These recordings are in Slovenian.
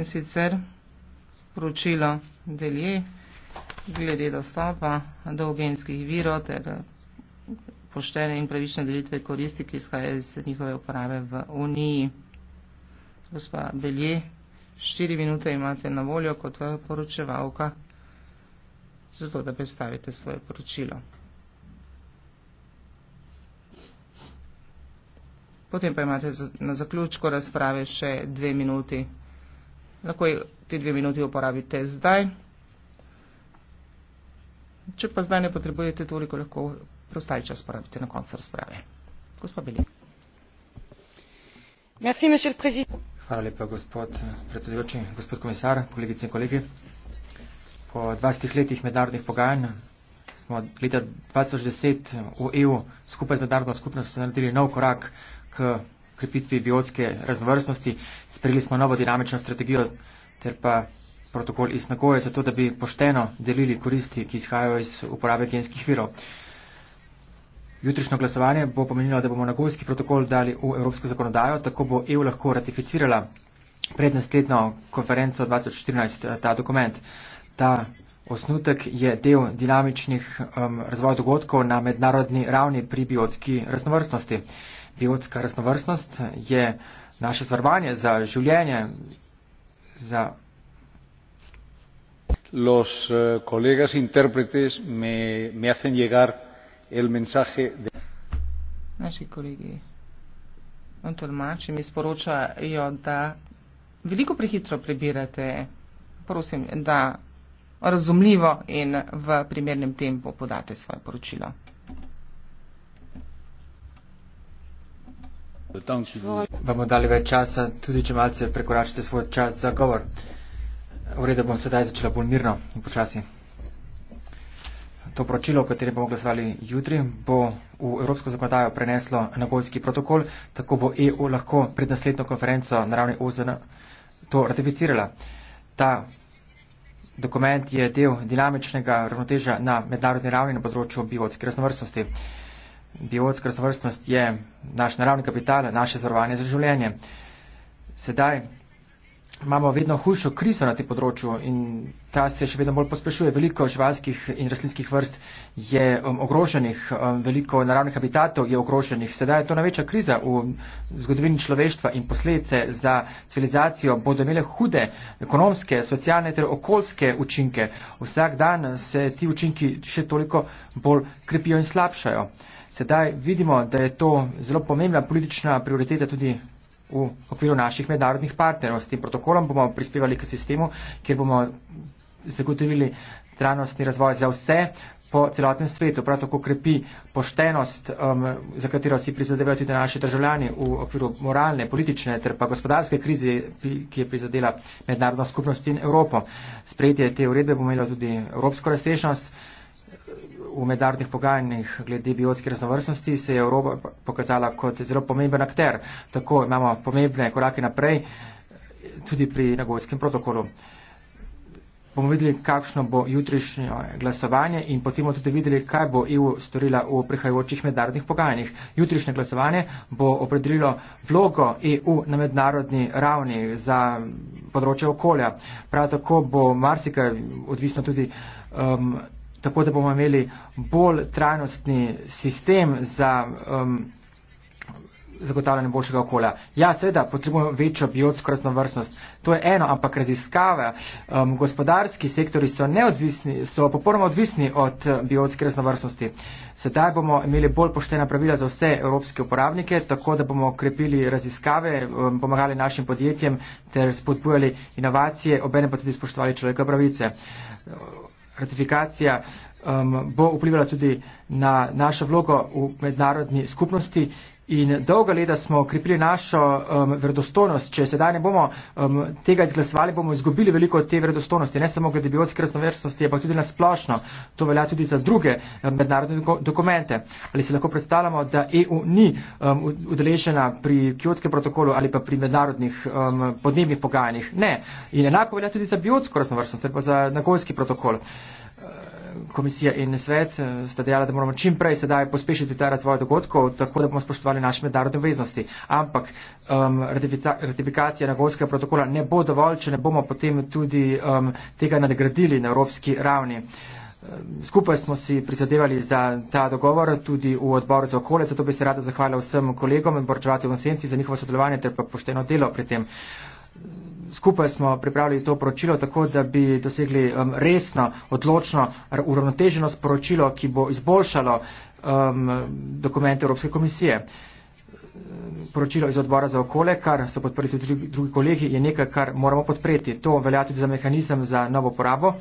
in sicer poročilo delje glede dostopa do genskih virov ter poštene in pravične delitve koristi, ki izhajajo iz njihove uporabe v Uniji. Gospa Belje, štiri minute imate na voljo kot poročevalka, zato da predstavite svoje poročilo. Potem pa imate na zaključku razprave še dve minuti lahko te dve minuti uporabite zdaj. Če pa zdaj ne potrebujete toliko, lahko prostaj čas porabite na koncu razprave. Gospod Beli. Merci, Hvala lepa, gospod predsedujoči, gospod komisar, kolegice in kolegi. Po 20 letih mednarodnih pogajanj smo leta 2010 v EU skupaj z mednarodno skupnostjo naredili nov korak k krepitvi biotske raznovrstnosti. Sprejeli smo novo dinamično strategijo ter pa protokol iz Nagoje, zato da bi pošteno delili koristi, ki izhajajo iz uporabe genskih virov. Jutrišnjo glasovanje bo pomenilo, da bomo Nagojski protokol dali v evropsko zakonodajo, tako bo EU lahko ratificirala pred naslednjo konferenco 2014 eh, ta dokument. Ta osnutek je del dinamičnih um, razvoj dogodkov na mednarodni ravni pri biotski raznovrstnosti biotska raznovrstnost je naše zvarvanje za življenje, za Los uh, colegas intérpretes me, me hacen llegar el mensaje de. Naši kolegi, on tolmači, mi sporočajo, da veliko prehitro prebirate, prosim, da razumljivo in v primernem tempu podate svoje poročilo. Vam dali več časa, tudi če malce prekoračite svoj čas za govor. V redu bom sedaj začela bolj mirno in počasi. To pročilo, o katerem bomo glasovali jutri, bo v Evropsko zakonodajo preneslo nagolski protokol, tako bo EU lahko pred naslednjo konferenco na ravni OZN to ratificirala. Ta dokument je del dinamičnega ravnoteža na mednarodni ravni na področju biotske raznovrstnosti biotska raznovrstnost je naš naravni kapital, naše zavarovanje za življenje. Sedaj imamo vedno hujšo krizo na tem področju in ta se še vedno bolj pospešuje. Veliko živalskih in rastlinskih vrst je um, ogroženih, um, veliko naravnih habitatov je ogroženih. Sedaj je to največja kriza v zgodovini človeštva in posledice za civilizacijo bodo imele hude ekonomske, socialne ter okoljske učinke. Vsak dan se ti učinki še toliko bolj krepijo in slabšajo. Uh, Sedaj vidimo, da je to zelo pomembna politična prioriteta tudi v okviru naših mednarodnih partnerov. S tem protokolom bomo prispevali k sistemu, kjer bomo zagotovili trajnostni razvoj za vse po celotnem svetu. Prav tako krepi poštenost, um, za katero si prizadevajo tudi naši državljani v okviru moralne, politične ter pa gospodarske krize, ki je prizadela mednarodno skupnost in Evropo. Sprejetje te uredbe bo imelo tudi evropsko razsežnost v mednarodnih pogajanjih glede biotske raznovrstnosti se je Evropa pokazala kot zelo pomemben akter. Tako imamo pomembne korake naprej tudi pri nagojskem protokolu. Bomo videli, kakšno bo jutrišnjo glasovanje in potem bomo tudi videli, kaj bo EU storila v prihajajočih mednarodnih pogajanjih. Jutrišnje glasovanje bo opredelilo vlogo EU na mednarodni ravni za področje okolja. Prav tako bo marsikaj odvisno tudi. Um, tako da bomo imeli bolj trajnostni sistem za um, zagotavljanje boljšega okolja. Ja, seveda, potrebujemo večjo biotsko raznovrstnost. To je eno, ampak raziskave, um, gospodarski sektori so, so popolnoma odvisni od uh, biotske raznovrstnosti. Sedaj bomo imeli bolj poštena pravila za vse evropske uporabnike, tako da bomo okrepili raziskave, um, pomagali našim podjetjem ter spodbujali inovacije, obene pa tudi spoštovali človeka pravice ratifikacija um, bo vplivala tudi na našo vlogo v mednarodni skupnosti. In dolga leta smo okrepili našo um, verodostojnost. Če sedaj ne bomo um, tega izglasovali, bomo izgubili veliko te verodostojnosti. Ne samo glede biotske raznovrstnosti, ampak tudi nasplošno. To velja tudi za druge um, mednarodne dokumente. Ali si lahko predstavljamo, da EU ni um, udeležena pri kjotskem protokolu ali pa pri mednarodnih um, podnebnih pogajanjih? Ne. In enako velja tudi za biotsko raznovrstnost ali pa za nagojski protokol. Uh, komisija in svet eh, sta dejala, da moramo čim prej sedaj pospešiti ta razvoj dogodkov, tako da bomo spoštovali naše mednarodne obveznosti. Ampak um, ratifikacija nagolskega protokola ne bo dovolj, če ne bomo potem tudi um, tega nadgradili na evropski ravni. Skupaj smo si prizadevali za ta dogovor tudi v odboru za okolje, zato bi se rada zahvalila vsem kolegom in borčevalcem v senci za njihovo sodelovanje ter pa pošteno delo pri tem. Uh, skupaj smo pripravili to poročilo, tako da bi dosegli um, resno, odločno, uravnoteženo sporočilo, ki bo izboljšalo um, dokumente Evropske komisije. Poročilo iz odbora za okolje, kar so podprli tudi drugi, drugi kolegi, je nekaj, kar moramo podpreti. To velja tudi za mehanizem za novo porabo,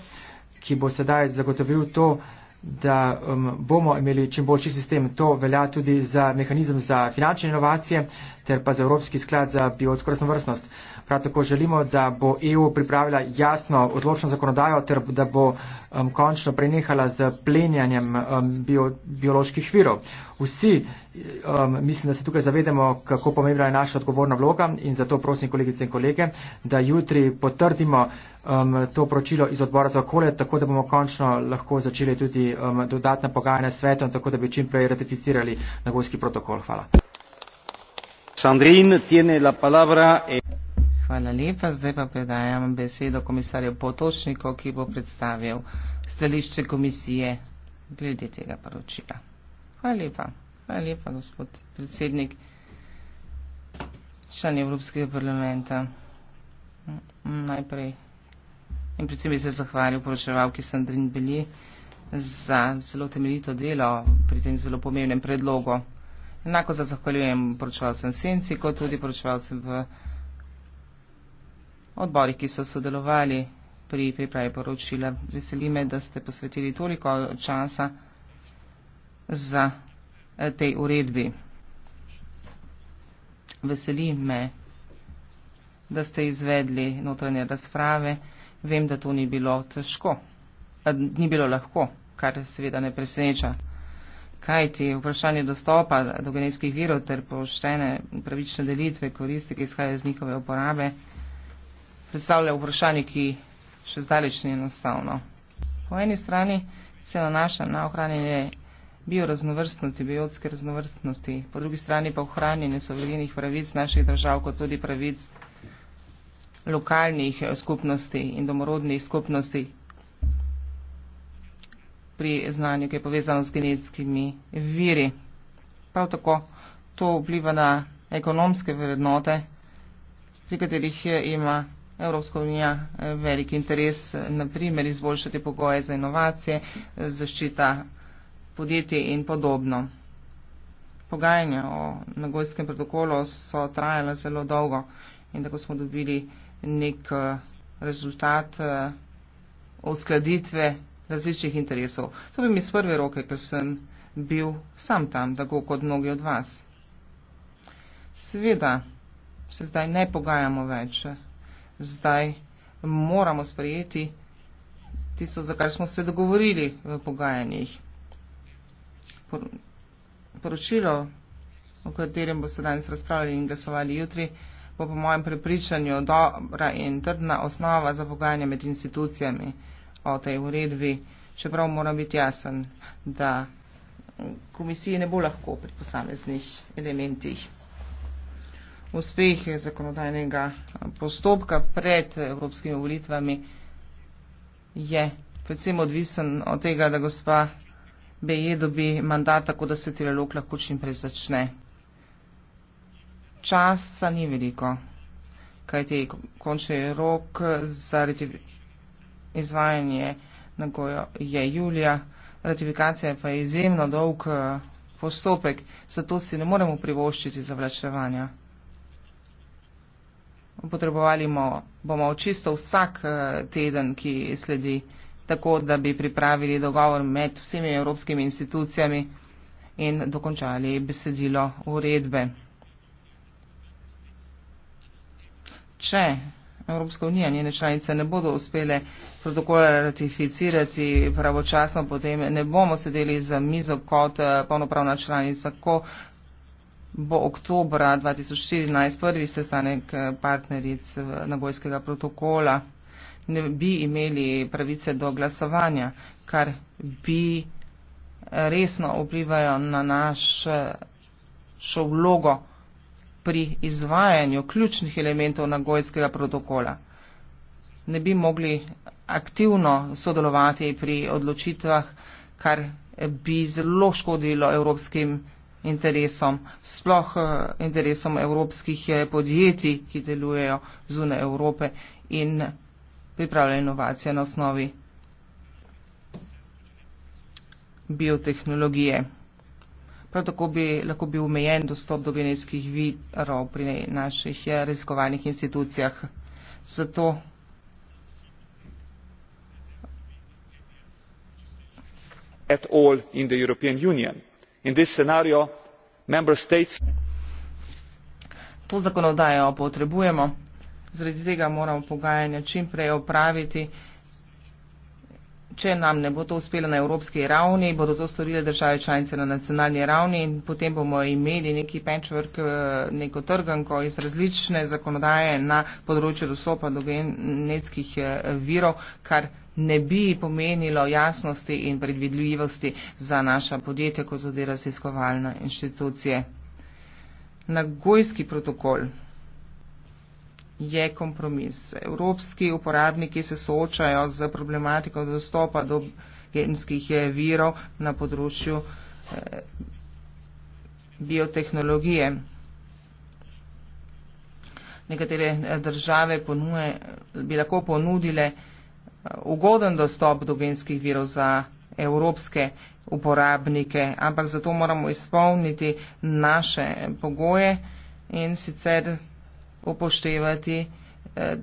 ki bo sedaj zagotovil to, da um, bomo imeli čim boljši sistem. To velja tudi za mehanizem za finančne inovacije ter pa za Evropski sklad za biotsko raznovrstnost. Prav tako želimo, da bo EU pripravila jasno odločno zakonodajo ter da bo um, končno prenehala z plenjanjem um, bio, bioloških virov. Vsi um, mislim, da se tukaj zavedamo, kako pomembna je naša odgovorna vloga in zato prosim kolegice in kolege, da jutri potrdimo um, to pročilo iz odbora za okolje, tako da bomo končno lahko začeli tudi um, dodatna pogajanja s svetom, tako da bi čim prej ratificirali nagovski protokol. Hvala. Sandrin tiene la palabra. Eh. Hvala lepa. Zdaj pa predajam besedo komisarju Potočniku, ki bo predstavil stališče komisije glede tega poročila. Hvala lepa. Hvala lepa, gospod predsednik, član Evropskega parlamenta. Najprej in predvsem bi se zahvalil poročevalki Sandrin Beli za zelo temeljito delo pri tem zelo pomembnem predlogu. Enako se zahvaljujem poročevalcem Senci, kot tudi poročevalcem v odbori, ki so sodelovali pri pripravi poročila. Veseli me, da ste posvetili toliko časa za eh, tej uredbi. Veseli me, da ste izvedli notranje razprave. Vem, da to ni bilo težko, eh, ni bilo lahko, kar seveda ne preseneča. Kajti vprašanje dostopa do genetskih virov ter poštene pravične delitve koristi, ki izhaja iz njihove uporabe predstavlja vprašanje, ki še zdaleč ni enostavno. Po eni strani se nanaša na ohranjanje bioraznovrstnosti, biotske raznovrstnosti, po drugi strani pa ohranjanje sovredinih pravic naših držav, kot tudi pravic lokalnih eh, skupnosti in domorodnih skupnosti pri znanju, ki je povezano z genetskimi viri. Prav tako to vpliva na ekonomske vrednote, pri katerih eh, ima Evropska unija eh, velik interes, eh, naprimer, izboljšati pogoje za inovacije, eh, zaščita podjetij in podobno. Pogajanja o nagojskem protokolu so trajala zelo dolgo in tako smo dobili nek rezultat uskladitve različnih interesov. To bi mi iz prve roke, ker sem bil sam tam, tako kot mnogi od vas. Seveda se zdaj ne pogajamo več zdaj moramo sprejeti tisto, za kar smo se dogovorili v pogajanjih. Poročilo, o katerem bo se danes razpravljali in glasovali jutri, bo po mojem prepričanju dobra in trdna osnova za pogajanje med institucijami o tej uredbi. Čeprav moram biti jasen, da komisiji ne bo lahko pri posameznih elementih uspeh zakonodajnega postopka pred evropskimi volitvami je predvsem odvisen od tega, da gospa Beje dobi mandat, tako da se trilog lahko čim prej začne. Časa ni veliko, kajti končni rok zaradi izvajanja nagojo je julija, ratifikacija pa je izjemno dolg eh, postopek, zato si ne moremo privoščiti zavlačevanja potrebovali bomo čisto vsak eh, teden, ki sledi, tako da bi pripravili dogovor med vsemi evropskimi institucijami in dokončali besedilo uredbe. Če Evropska unija in njene članice ne bodo uspele protokola ratificirati pravočasno, potem ne bomo sedeli za mizo kot eh, polnopravna članica, ko bo oktobra 2014 prvi sestanek eh, partneric eh, Nagojskega protokola, ne bi imeli pravice do glasovanja, kar bi eh, resno vplivalo na našo vlogo pri izvajanju ključnih elementov Nagojskega protokola. Ne bi mogli aktivno sodelovati pri odločitvah, kar bi zelo škodilo evropskim državam interesom, sploh eh, interesom evropskih eh, podjetij, ki delujejo zunaj Evrope in pripravljajo inovacije na osnovi biotehnologije. Prav tako bi lahko bil omejen dostop do genetskih virov pri naših eh, raziskovalnih institucijah. Zato at all in the European Union in this scenario member states. to zakonodajo potrebujemo zaradi tega moramo pogajanja čim prej opraviti če nam ne bo to uspelo na evropski ravni, bodo to storile države članice na nacionalni ravni in potem bomo imeli neki patchwork, eh, neko trganko iz različne zakonodaje na področju dostopa do genetskih eh, virov, kar ne bi pomenilo jasnosti in predvidljivosti za naša podjetja, kot tudi raziskovalne inštitucije. Nagojski protokol je kompromis. Evropski uporabniki se soočajo z problematiko dostopa do genskih virov na področju eh, biotehnologije. Nekatere eh, države ponuje, bi lahko ponudile eh, ugoden dostop do genskih virov za evropske uporabnike, ampak zato moramo izpolniti naše pogoje in sicer upoštevati eh,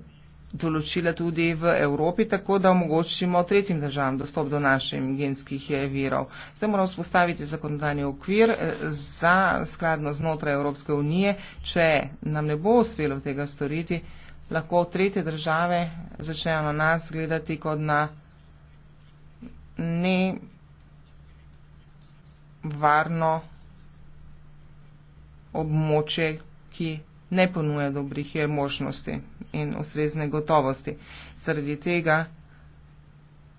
določila tudi v Evropi, tako da omogočimo tretjim državam dostop do naših genskih eh, virov. Zdaj moramo spostaviti zakonodajni okvir eh, za skladno znotraj Evropske unije. Če nam ne bo uspelo tega storiti, lahko tretje države začnejo na nas gledati kot na ne varno območje, ki ne ponuja dobrih eh, možnosti in ustrezne gotovosti. Zaradi tega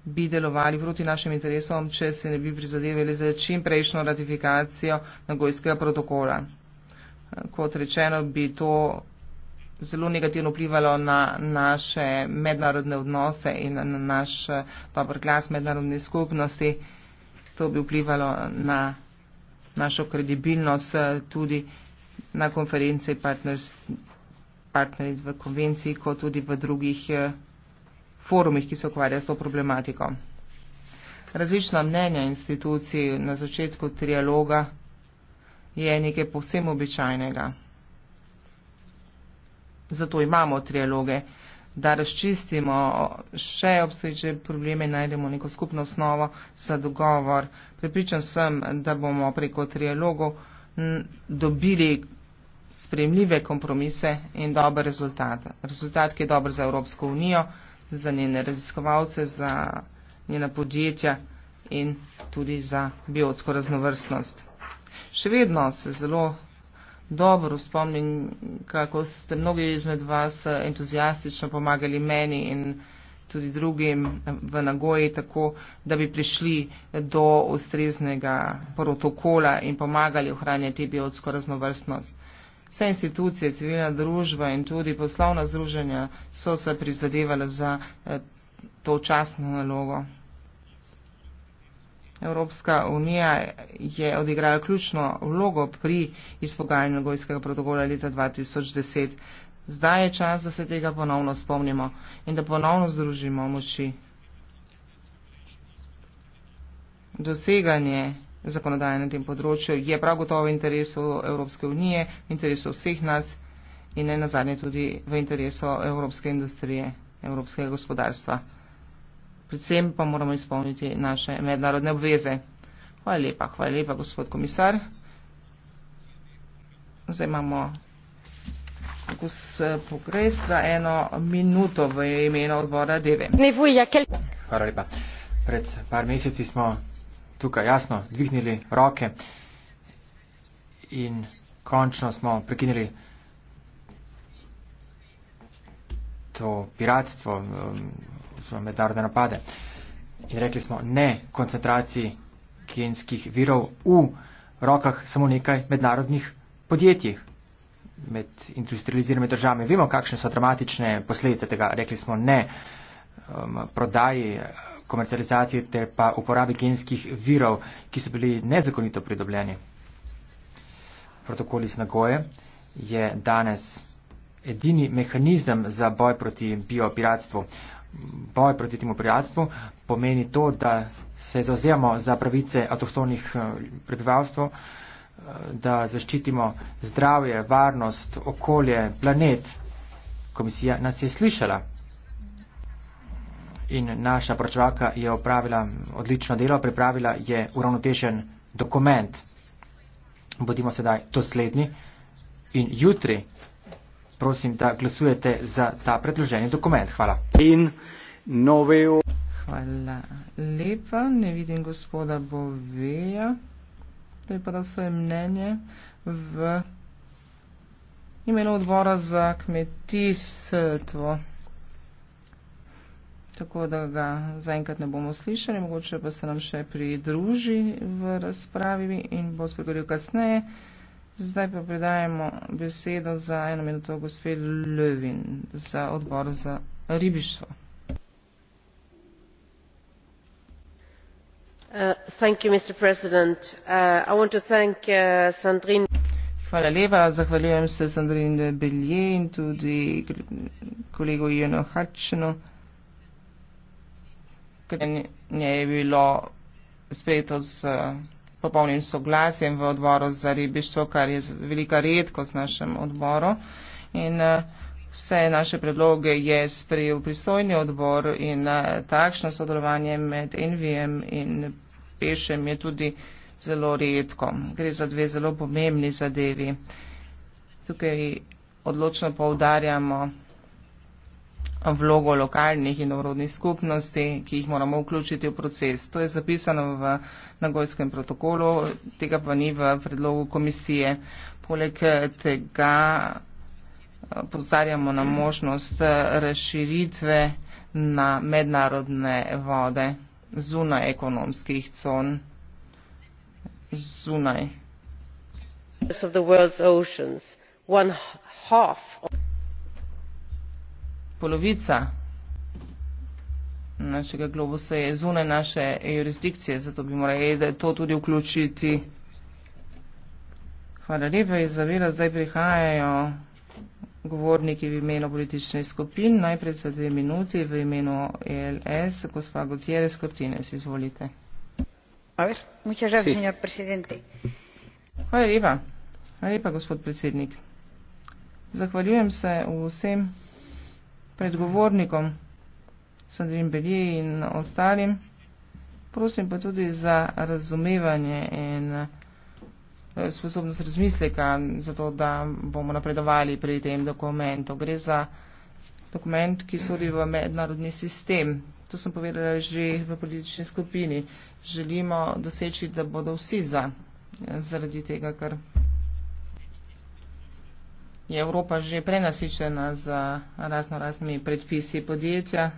bi delovali proti našim interesom, če se ne bi prizadevali za čim prejšnjo ratifikacijo nagojskega protokola. Kot rečeno, bi to zelo negativno vplivalo na naše mednarodne odnose in na naš eh, dober glas mednarodne skupnosti. To bi vplivalo na našo kredibilnost eh, tudi na konferenci partners, partneric v konvenciji, kot tudi v drugih eh, forumih, ki se ukvarjajo s to problematiko. Različna mnenja institucij na začetku trialoga je nekaj povsem običajnega. Zato imamo trialoge, da razčistimo še obstoječe probleme, najdemo neko skupno osnovo za dogovor. Pripričan sem, da bomo preko trialogov dobili spremljive kompromise in dober rezultat. Rezultat, ki je dober za Evropsko unijo, za njene raziskovalce, za njena podjetja in tudi za biotsko raznovrstnost. Še vedno se zelo dobro spomnim, kako ste mnogi izmed vas entuzijastično pomagali meni in vsem, tudi drugim eh, v Nagoji, tako da bi prišli eh, do ustreznega protokola in pomagali ohranjati biotsko raznovrstnost. Vse institucije, civilna družba in tudi poslovna združenja so se prizadevali za eh, to časno nalogo. Evropska unija je odigrala ključno vlogo pri izpogajanju Nagojskega protokola leta 2010. Zdaj je čas, da se tega ponovno spomnimo in da ponovno združimo moči. Doseganje zakonodaje na tem področju je prav gotovo v interesu Evropske unije, v interesu vseh nas in ne nazadnje tudi v interesu evropske industrije, evropskega gospodarstva. Predvsem pa moramo izpolniti naše mednarodne obveze. Hvala lepa, hvala lepa, gospod komisar. Zdaj imamo Ja, Hvala lepa. Pred par meseci smo tukaj jasno dvignili roke in končno smo prekinili to piratstvo, um, oziroma mednarodne napade. In rekli smo ne koncentraciji genskih virov v rokah samo nekaj mednarodnih podjetjih med industrializiranimi državami. Vemo, kakšne so dramatične posledice tega. Rekli smo ne um, prodaji, komercializaciji ter pa uporabi genskih virov, ki so bili nezakonito pridobljeni. Protokol iz Nagoje je danes edini mehanizem za boj proti biopiratstvu. Boj proti temu piratstvu pomeni to, da se zauzemamo za pravice avtohtonih uh, prebivalstv da zaščitimo zdravje, varnost, okolje, planet. Komisija nas je slišala in naša pročevalka je opravila odlično delo, pripravila je uravnotežen dokument. Bodimo sedaj dosledni in jutri prosim, da glasujete za ta predloženi dokument. Hvala. In nove... Hvala lepa, ne vidim gospoda Boveja da bi podal svoje mnenje v imenu odbora za kmetijstvo. Tako da ga zaenkrat ne bomo slišali, mogoče pa se nam še pridruži v razpravi in bo spregovoril kasneje. Zdaj pa predajemo besedo za eno minuto gospe Levin za odbor za ribištvo. Uh, uh, uh, zahvaljujem se sandrine belje in tudi kolegu ianu hudsonu ker mnenje je bilo sprejeto s popolnim soglasjem v odboru za ribištvo kar je velika redkost v našem odboru in Vse naše predloge je sprejel pristojni odbor in eh, takšno sodelovanje med NVM in Pešem je tudi zelo redko. Gre za dve zelo pomembni zadevi. Tukaj odločno poudarjamo vlogo lokalnih in orodnih skupnosti, ki jih moramo vključiti v proces. To je zapisano v nagojskem protokolu, tega pa ni v predlogu komisije. Poleg tega pozarjamo na možnost eh, razširitve na mednarodne vode zunaj ekonomskih con, zunaj. Polovica našega globusa je zunaj naše jurisdikcije, zato bi morali to tudi vključiti. Hvala lepa, Izabela, zdaj prihajajo govorniki v imenu politične skupin, najprej za dve minuti v imenu ELS, gospa Gutierrez Cortines, izvolite. A ver, muchas gracias, sí. señor presidente. Hvala lepa. Hvala lepa, gospod predsednik. Zahvaljujem se vsem predgovornikom, Sandrin Belje in ostalim. Prosim pa tudi za razumevanje in Eh, sposobnost razmisleka, zato da bomo napredovali pri tem dokumentu. Gre za dokument, ki sodi v mednarodni sistem. To sem povedala že v politični skupini. Želimo doseči, da bodo vsi za, zaradi tega, ker je Evropa že prenasičena z razno raznimi predpisi podjetja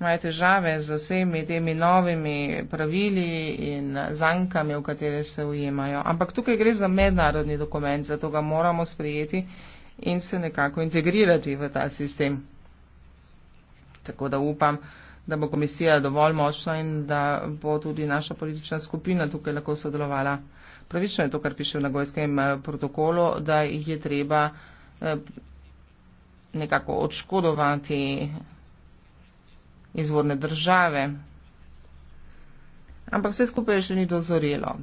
imajo težave z vsemi temi novimi pravili in zankami, v katere se ujemajo. Ampak tukaj gre za mednarodni dokument, zato ga moramo sprejeti in se nekako integrirati v ta sistem. Tako da upam, da bo komisija dovolj močna in da bo tudi naša politična skupina tukaj lahko sodelovala. Pravično je to, kar piše v Nagojskem eh, protokolu, da jih je treba eh, nekako odškodovati izvorne države. Ampak vse skupaj še ni dozorelo.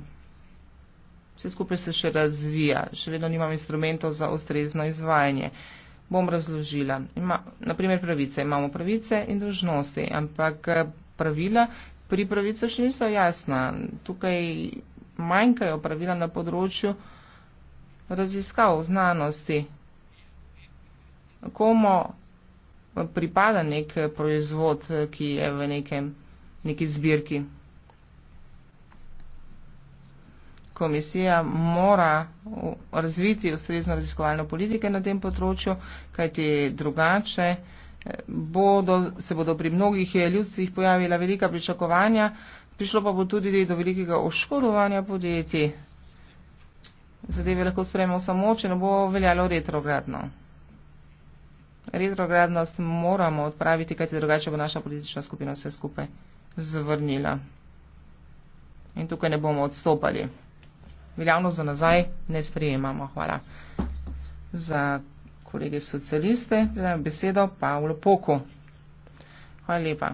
Vse skupaj se še razvija. Še vedno nimam instrumentov za ustrezno izvajanje. Bom razložila. Ima, naprimer pravice. Imamo pravice in dožnosti, ampak eh, pravila pri pravicah še niso jasna. Tukaj manjkajo pravila na področju raziskav znanosti. Komo pripada nek eh, proizvod, eh, ki je v nekem, neki zbirki. Komisija mora razviti ustrezno raziskovalno politike na tem področju, kajti drugače eh, bodo, se bodo pri mnogih ljudstvih pojavila velika pričakovanja, prišlo pa bo tudi do velikega oškodovanja podjetij. Zadeve lahko spremo samo, če ne bo veljalo retrogradno retrogradnost moramo odpraviti, kajti drugače bo naša politična skupina vse skupaj zavrnila. In tukaj ne bomo odstopali. Veljavno za nazaj ne sprejemamo. Hvala za kolege socialiste. Predajam besedo Pavlo Poku. Hvala lepa.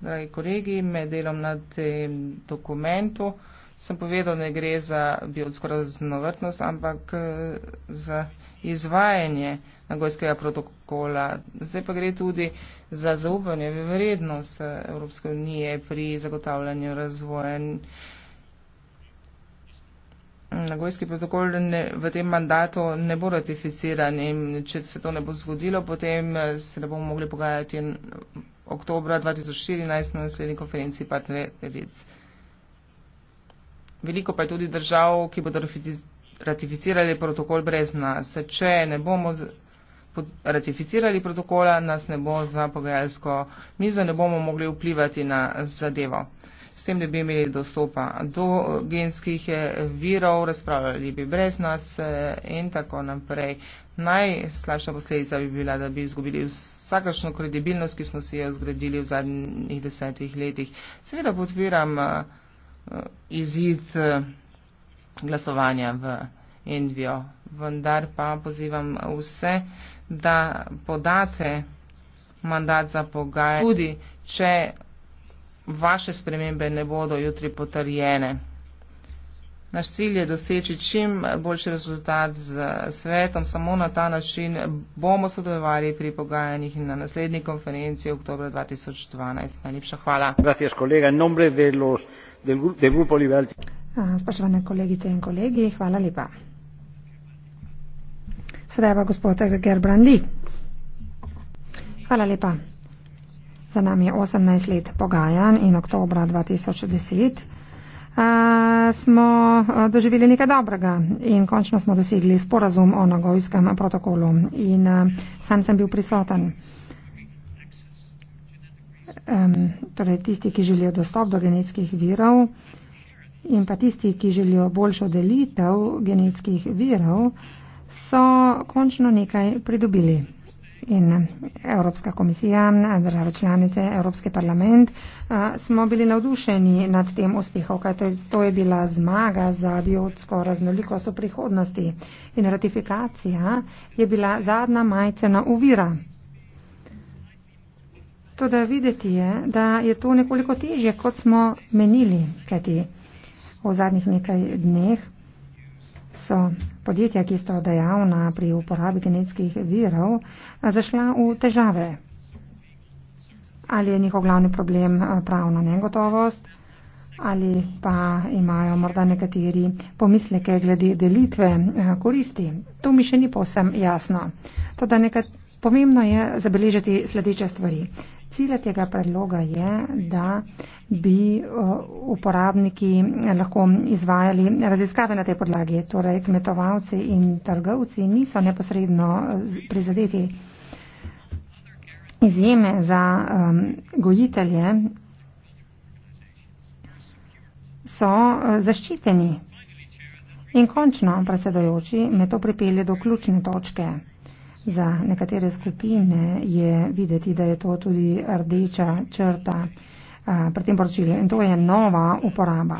Dragi kolegi, med delom na tem dokumentu sem povedal, ne gre za biotsko raznovrtnost, ampak eh, za izvajanje nagojskega protokola. Zdaj pa gre tudi za zaupanje v vrednost eh, Evropske unije pri zagotavljanju razvoja. Nagojski protokol ne, v tem mandatu ne bo ratificiran in če se to ne bo zgodilo, potem eh, se ne bomo mogli pogajati oktobra 2014 na naslednji konferenci partneric. Veliko pa je tudi držav, ki bodo ratificirali protokol brez nas. Če ne bomo ratificirali protokola, nas ne bo za pogajalsko mizo, ne bomo mogli vplivati na zadevo. S tem, da bi imeli dostopa do genskih eh, virov, razpravljali bi brez nas eh, in tako naprej. Najslabša posledica bi bila, da bi izgubili vsakašno kredibilnost, ki smo si jo zgradili v zadnjih desetih letih. Seveda podpiram. Eh, Eh, izid eh, glasovanja v Envijo. Vendar pa pozivam vse, da podate mandat za pogajanje, tudi če vaše spremembe ne bodo jutri potrjene. Naš cilj je doseči čim boljši rezultat z svetom, samo na ta način bomo sodelovali pri pogajanjih in na naslednji konferenci oktober 2012. Najlepša hvala. Gracias, kolega. De los, del, del grupo Spoštovane kolegice in kolegi, hvala lepa. Sedaj pa gospod Gerbrandi. Hvala lepa. Za nami je 18 let pogajanj in oktober 2010 smo doživeli nekaj dobrega in končno smo dosegli sporazum o nagojskem protokolu in sam sem bil prisoten. Torej tisti, ki želijo dostop do genetskih virov in pa tisti, ki želijo boljšo delitev genetskih virov, so končno nekaj pridobili in eh, Evropska komisija, eh, države članice, Evropski parlament eh, smo bili navdušeni nad tem uspehom, kaj to je bila zmaga za biotsko raznolikost v prihodnosti in ratifikacija je bila zadnja majcena uvira. To, da videti je, da je to nekoliko težje, kot smo menili, kajti v zadnjih nekaj dneh so podjetja, ki so dejavna pri uporabi genetskih virov, zašla v težave. Ali je njihov glavni problem eh, pravna negotovost? ali pa imajo morda nekateri pomisleke glede delitve eh, koristi. To mi še ni povsem jasno. Toda nekaj pomembno je zabeležiti sledeče stvari. Cilj tega predloga je, da bi uh, uporabniki lahko izvajali raziskave na tej podlagi. Torej, kmetovalci in trgovci niso neposredno uh, prizadeti izjeme za um, gojitelje. So uh, zaščiteni. In končno, predsedajoči, me to pripelje do ključne točke. Za nekatere skupine je videti, da je to tudi rdeča črta pri tem poročilu in to je nova uporaba.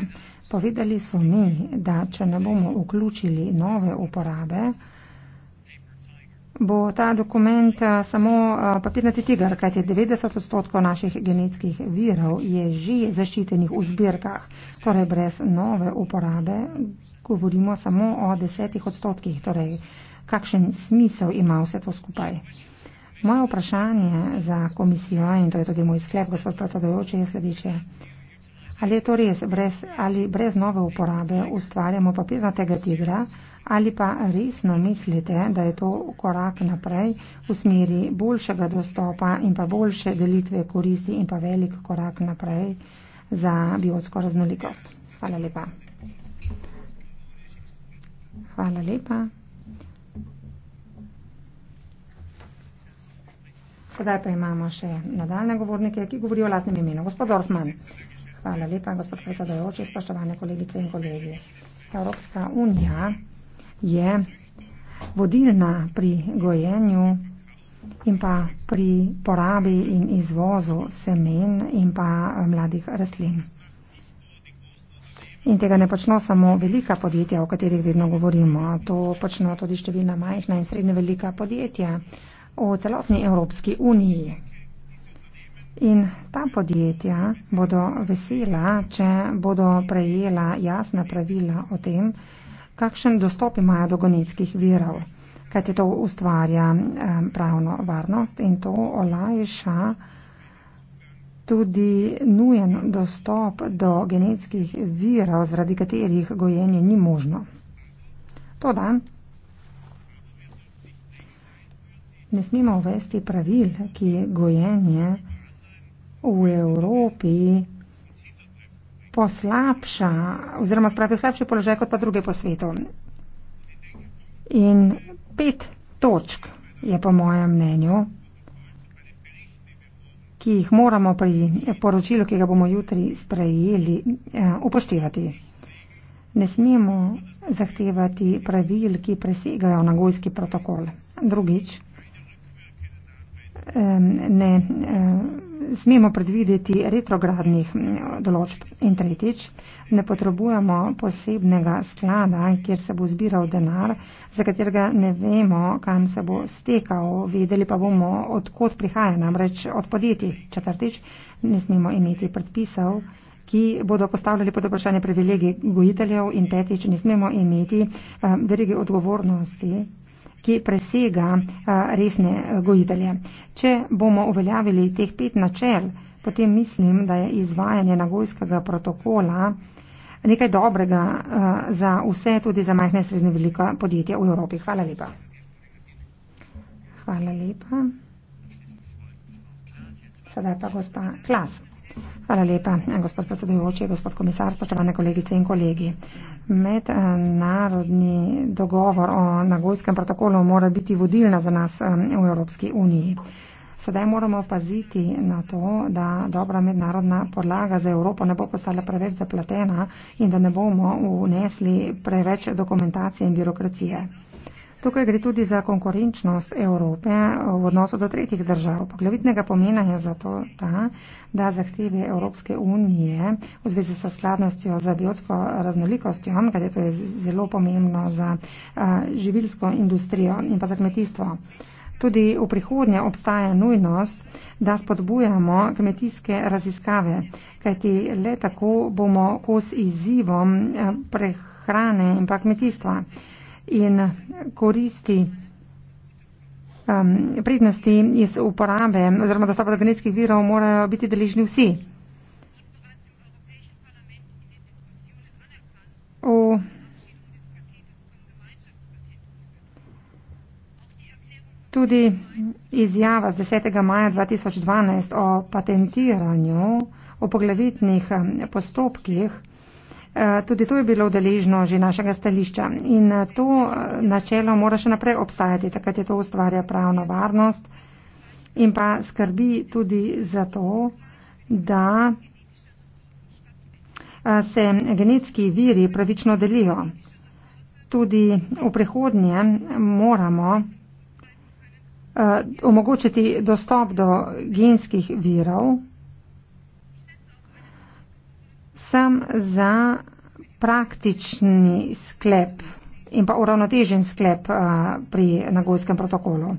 Povedali so mi, da če ne bomo vključili nove uporabe, bo ta dokument samo papirnati tiger, kajti 90 odstotkov naših genetskih virov je že zaščitenih v zbirkah. Torej, brez nove uporabe govorimo samo o 10 odstotkih. Torej, kakšen smisel ima vse to skupaj. Moje vprašanje za komisijo in to je tudi moj sklep, gospod predsedujoči, je sledeče. Ali je to res, brez, ali brez nove uporabe ustvarjamo papirnatega tigra, ali pa resno mislite, da je to korak naprej v smeri boljšega dostopa in pa boljše delitve koristi in pa velik korak naprej za biotsko raznolikost? Hvala lepa. Hvala lepa. Sedaj pa imamo še nadaljne govornike, ki govorijo o lastnem imenu. Gospod Dorfman. Hvala lepa, gospod predsedajoči, spoštovane kolegice in kolegi. Evropska unija je vodilna pri gojenju in pa pri porabi in izvozu semen in pa eh, mladih rastlin. In tega ne počno samo velika podjetja, o katerih vedno govorimo, to počno tudi številna majhna in srednje velika podjetja v celotni Evropski uniji. In ta podjetja bodo vesela, če bodo prejela jasna pravila o tem, kakšen dostop imajo do gonetskih virov, kajti to ustvarja eh, pravno varnost in to olajša tudi nujen dostop do genetskih virov, zaradi katerih gojenje ni možno. Toda ne smemo uvesti pravil, ki je gojenje v Evropi poslabša oziroma spravi slabši položaj kot pa druge po svetu. In pet točk je po mojem mnenju, ki jih moramo pri poročilu, ki ga bomo jutri sprejeli, eh, upoštevati. Ne smemo zahtevati pravil, ki presegajo nagojski protokol. Drugič, ne smemo predvideti retrogradnih določb. In tretjič, ne potrebujemo posebnega sklada, kjer se bo zbiral denar, za katerega ne vemo, kam se bo stekal, vedeli pa bomo, odkot prihaja, namreč od podjetij. Četrtič, ne smemo imeti predpisov ki bodo postavljali pod vprašanje privilegije gojiteljev in petič, ne smemo imeti verige odgovornosti, ki presega resne gojitelje. Če bomo uveljavili teh pet načel, potem mislim, da je izvajanje nagojskega protokola nekaj dobrega za vse, tudi za majhne srednje velika podjetja v Evropi. Hvala lepa. Hvala lepa. Sedaj pa gospa Klas. Hvala lepa, gospod predsedujoči, gospod komisar, spoštovane kolegice in kolegi. Mednarodni eh, dogovor o nagojskem protokolu mora biti vodilna za nas eh, v Evropski uniji. Sedaj moramo paziti na to, da dobra mednarodna podlaga za Evropo ne bo postala preveč zapletena in da ne bomo unesli preveč dokumentacije in birokracije. Tukaj gre tudi za konkurenčnost Evrope v odnosu do tretjih držav. Poglavitnega pomena je zato ta, da zahteve Evropske unije v zvezi s skladnostjo za biotsko raznolikostjo, kaj je to je zelo pomembno za živilsko industrijo in pa za kmetijstvo. Tudi v prihodnje obstaja nujnost, da spodbujamo kmetijske raziskave, kajti le tako bomo kos izzivom prehrane in pa kmetijstva in koristi um, prednosti iz uporabe oziroma dostopa do genetskih virov morajo biti deležni vsi. O Tudi izjava z 10. maja 2012 o patentiranju, o poglavitnih um, postopkih, Eh, tudi to je bilo deležno že našega stališča in eh, to eh, načelo mora še naprej obstajati, takrat je to ustvarja pravno varnost in pa skrbi tudi za to, da se genetski viri pravično delijo. Tudi v prihodnje moramo omogočiti dostop do genskih virov predvsem za praktični sklep in pa uravnotežen sklep a, eh, pri nagojskem protokolu.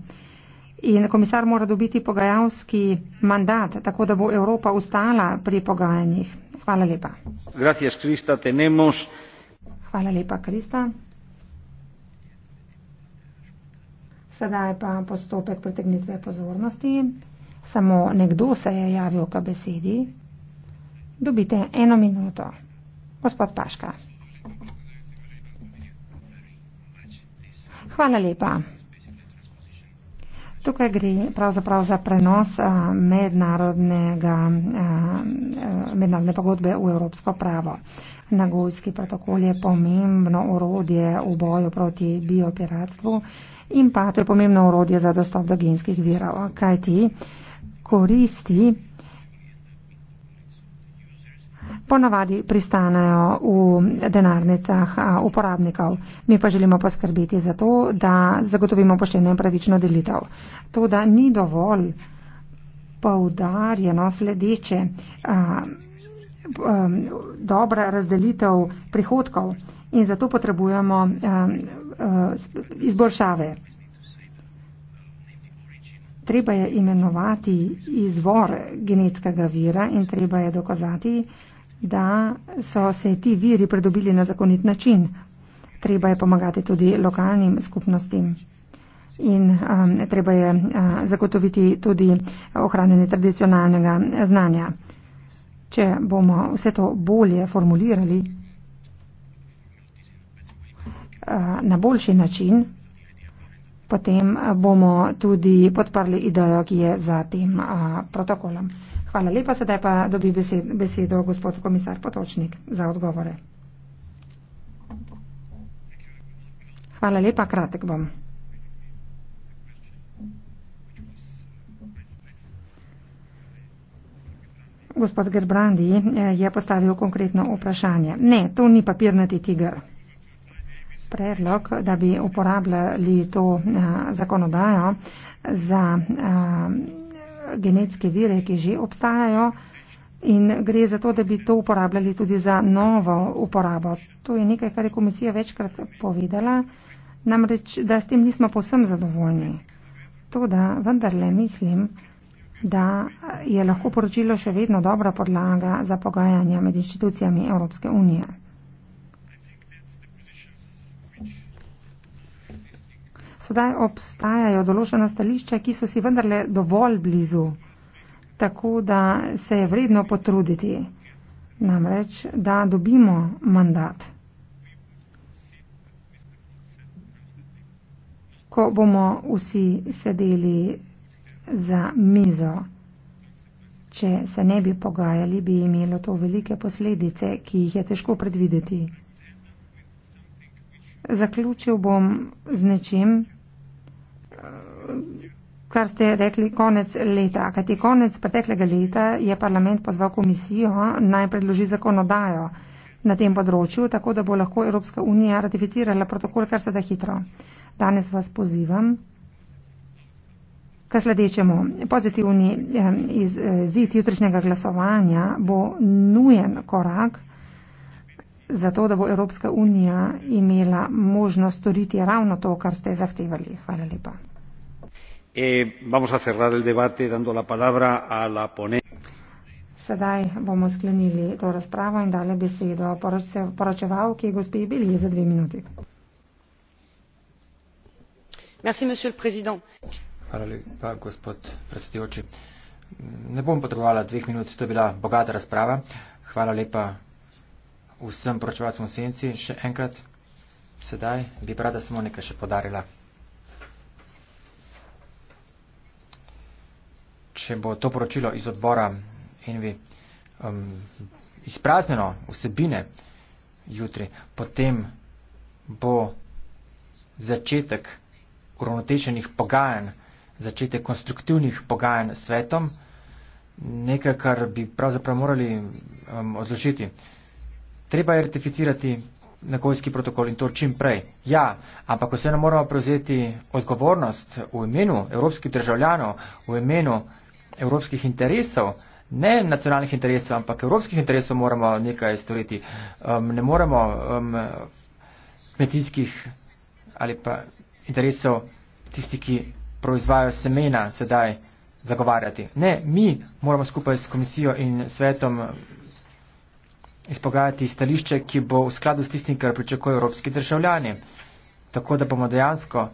In komisar mora dobiti pogajalski mandat, tako da bo Evropa ustala pri pogajanjih. Hvala lepa. Gracias, Krista, tenemos... Hvala lepa, Krista. Sedaj pa postopek pritegnitve pozornosti. Samo nekdo se je javil k besedi. Dobite eno minuto. Gospod Paška. Hvala lepa. Tukaj gre pravzaprav za prenos eh, mednarodnega, eh, mednarodne pogodbe v evropsko pravo. Nagojski protokol je pomembno orodje v boju proti biopiratstvu in pa to je pomembno orodje za dostop do genskih virov, kajti koristi ponavadi pristanejo v denarnicah uporabnikov. Mi pa želimo poskrbeti za to, da zagotovimo pošteno in pravično delitev. To, da ni dovolj poudarjeno sledeče a, a, dobra razdelitev prihodkov in zato potrebujemo a, a, e, izboljšave. Treba je imenovati izvor genetskega vira in treba je dokazati, da so se ti viri pridobili na zakonit način. Treba je pomagati tudi lokalnim skupnostim. In um, treba je uh, zagotoviti tudi ohranjanje tradicionalnega znanja. Če bomo vse to bolje formulirali uh, na boljši način, potem bomo tudi podprli idejo, ki je za tem uh, protokolom. Hvala lepa, sedaj pa dobi besed, besedo gospod komisar Potočnik za odgovore. Hvala lepa, kratek bom. Gospod Gerbrandi eh, je postavil konkretno vprašanje. Ne, to ni papirnati tiger. Predlog, da bi uporabljali to eh, zakonodajo za. A, eh, genetske vire, ki že obstajajo in gre za to, da bi to uporabljali tudi za novo uporabo. To je nekaj, kar je komisija večkrat povedala, namreč, da s tem nismo posem zadovoljni. To, da vendarle mislim, da je lahko poročilo še vedno dobra podlaga za pogajanja med inštitucijami Evropske unije. sedaj obstajajo določena stališča, ki so si vendarle dovolj blizu, tako da se je vredno potruditi, namreč, da dobimo mandat. Ko bomo vsi sedeli za mizo, če se ne bi pogajali, bi imelo to velike posledice, ki jih je težko predvideti. Zaključil bom z nečim, kar ste rekli konec leta. Kajti konec preteklega leta je parlament pozval komisijo naj predloži zakonodajo na tem področju, tako da bo lahko Evropska unija ratificirala protokol kar se da hitro. Danes vas pozivam k sledečemu. Pozitivni eh, izid eh, jutrišnjega glasovanja bo nujen korak, zato, da bo Evropska unija imela možnost storiti ravno to, kar ste zahtevali. Hvala lepa. Eh, Sedaj bomo sklenili to razpravo in dali besedo poročevalki gospe Bilji za dve minuti. Hvala lepa, gospod predsedujoči. Ne bom potrebovala dveh minut, to je bila bogata razprava. Hvala lepa vsem pročevalcem v senci še enkrat. Sedaj bi brada samo nekaj še podarila. Če bo to poročilo iz odbora Envi um, izpraznjeno vsebine jutri, potem bo začetek uravnotečenih pogajanj, začetek konstruktivnih pogajanj s svetom, nekaj, kar bi pravzaprav morali um, odložiti treba je ratificirati nagojski protokol in to čim prej. Ja, ampak vseeno moramo prevzeti odgovornost v imenu evropskih državljanov, v imenu evropskih interesov, ne nacionalnih interesov, ampak evropskih interesov moramo nekaj storiti. Um, ne moremo um, kmetijskih ali pa interesov tistih, ki proizvajajo semena, sedaj zagovarjati. Ne, mi moramo skupaj s komisijo in svetom izpogajati stališče, ki bo v skladu s tistim, kar pričakujejo evropski državljani, tako da bomo dejansko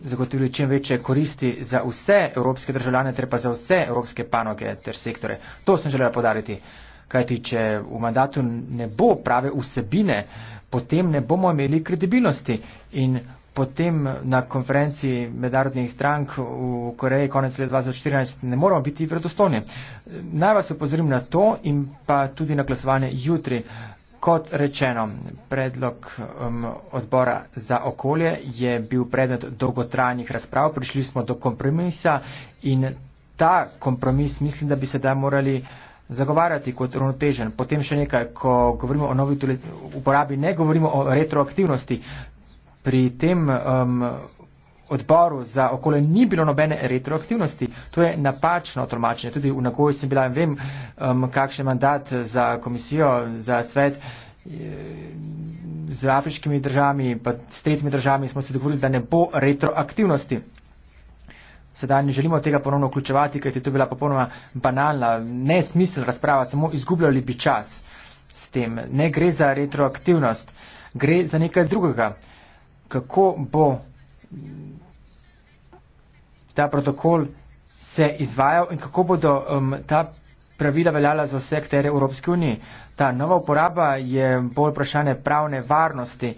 zagotovili čim večje koristi za vse evropske državljane, ter pa za vse evropske panoge ter sektore. To sem želela podariti, kajti če v mandatu ne bo prave vsebine, potem ne bomo imeli kredibilnosti in potem na konferenci mednarodnih strank v Koreji konec leta 2014 ne moramo biti vredostojni. Naj vas upozorim na to in pa tudi na glasovanje jutri. Kot rečeno, predlog um, odbora za okolje je bil predmet dolgotrajnih razprav, prišli smo do kompromisa in ta kompromis mislim, da bi se da morali zagovarjati kot ravnotežen. Potem še nekaj, ko govorimo o novi uporabi, ne govorimo o retroaktivnosti pri tem um, odboru za okolje ni bilo nobene retroaktivnosti. To je napačno tolmačenje. Tudi v Nagoji sem bila in vem, um, kakšen mandat za komisijo, za svet z afriškimi državami, pa s tretjimi državami smo se dogovorili, da ne bo retroaktivnosti. Sedaj ne želimo tega ponovno vključevati, ker je to bila popolnoma banalna, nesmisel razprava, samo izgubljali bi čas s tem. Ne gre za retroaktivnost, gre za nekaj drugega kako bo ta protokol se izvajal in kako bodo um, ta pravila veljala za vse aktere Evropske unije. Ta nova uporaba je bolj vprašanje pravne varnosti,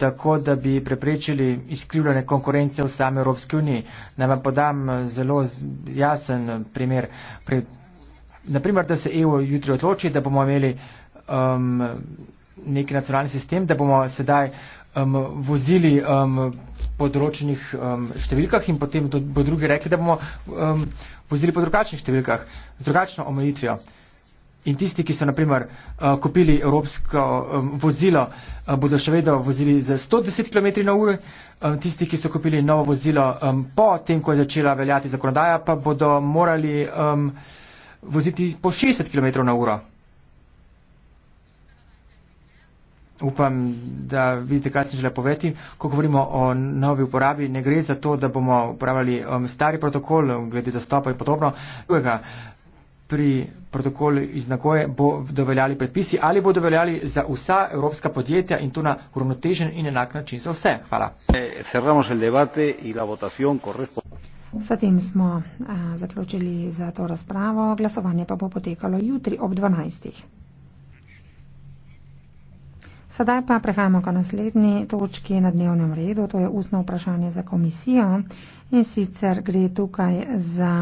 tako da bi preprečili izkrivljene konkurence v sami Evropske unije. Naj vam podam uh, zelo jasen uh, primer. Pri, naprimer, da se EU jutri odloči, da bomo imeli um, neki nacionalni sistem, da bomo sedaj um, vozili um, po določenih um, številkah in potem do, bo drugi rekli, da bomo um, vozili po drugačnih številkah, z drugačno omejitvijo. In tisti, ki so naprimer uh, kupili evropsko um, vozilo, uh, bodo še vedno vozili za 110 km na uro. Um, tisti, ki so kupili novo vozilo um, po tem, ko je začela veljati zakonodaja, pa bodo morali um, voziti po 60 km na uro. upam, da vidite, kaj sem želel poveti. Ko govorimo o novi uporabi, ne gre za to, da bomo uporabljali um, stari protokol um, glede dostopa in podobno. Drugega, pri protokolu iz Nagoje bo doveljali predpisi ali bodo veljali za vsa evropska podjetja in to na uravnotežen in enak način za vse. Hvala. Eh, S tem smo a, eh, zaključili za to razpravo. Glasovanje pa bo potekalo jutri ob 12. Sedaj pa prehajamo k naslednji točki na dnevnem redu, to je ustno vprašanje za komisijo in sicer gre tukaj za